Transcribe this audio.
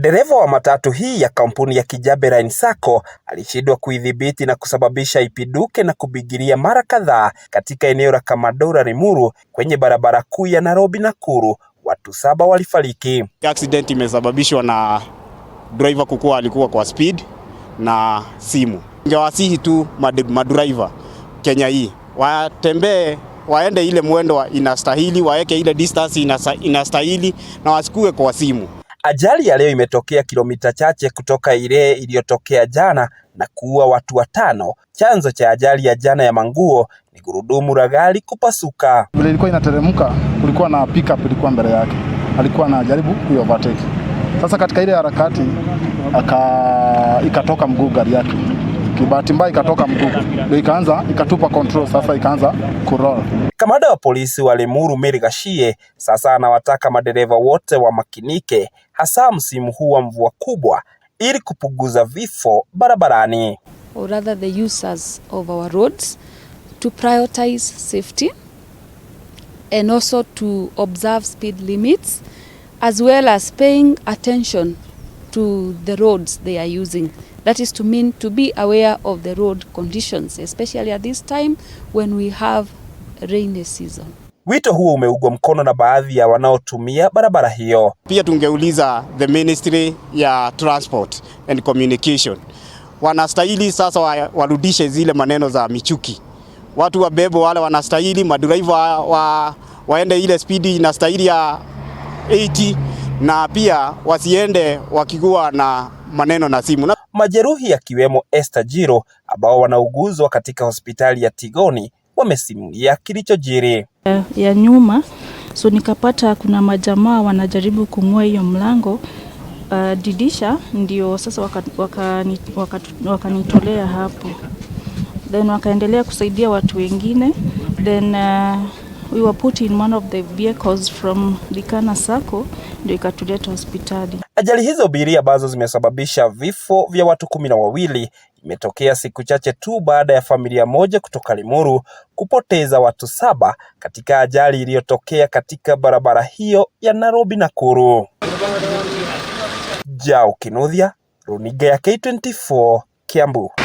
Dereva wa matatu hii ya kampuni ya Kijabe Sacco alishindwa kuidhibiti na kusababisha ipiduke na kubigiria mara kadhaa katika eneo la Kamadora Limuru kwenye barabara kuu ya Nairobi Nakuru. Watu saba walifariki. Accident imesababishwa na driver kukuwa alikuwa kwa speed na simu. Ingewasihi tu madriver Kenya hii watembee waende ile mwendo inastahili, waeke ile distance inastahili na wasikue kwa simu. Ajali ya leo imetokea kilomita chache kutoka ile iliyotokea jana na kuua watu watano. Chanzo cha ajali ya jana ya Manguo ni gurudumu la gari kupasuka. Vile ilikuwa inateremka, kulikuwa na pickup ilikuwa mbele yake, alikuwa anajaribu kuovertake. Sasa katika ile harakati ikatoka mguu gari yake kibahati mbaya ikatoka mguu ndio ikaanza ikatupa control, sasa ikaanza kuroll. Kamanda wa polisi wa Limuru Mary Gashie sasa anawataka madereva wote wamakinike, hasa msimu huu wa mvua kubwa, ili kupunguza vifo barabarani. Or rather the users of our roads to prioritize safety and also to observe speed limits as well as paying attention to the roads they are using. That is to mean to be aware of the road conditions, especially at this time when we have rainy season. Wito huo umeugwa mkono na baadhi ya wanaotumia barabara hiyo. Pia tungeuliza the ministry ya transport and communication, wanastahili sasa warudishe zile maneno za michuki, watu wa bebo wale wanastahili, madriver wa, waende ile spidi inastahili ya 80 na pia wasiende wakikuwa na maneno na simu na... Majeruhi akiwemo Esther Jiro ambao wanauguzwa katika hospitali ya Tigoni wamesimulia kilichojiri ya, eh, ya nyuma. So nikapata kuna majamaa wanajaribu kung'oa hiyo mlango uh, didisha ndio sasa wakanitolea waka, waka, waka hapo, then wakaendelea kusaidia watu wengine then uh, we were put in one of the vehicles from Likana Sacco ndio ikatuleta hospitali. Ajali hizo abiria ambazo zimesababisha vifo vya watu kumi na wawili imetokea siku chache tu baada ya familia moja kutoka Limuru kupoteza watu saba katika ajali iliyotokea katika barabara hiyo ya Nairobi Nakuru. Jao Kinuthia, Runiga ya K24, Kiambu.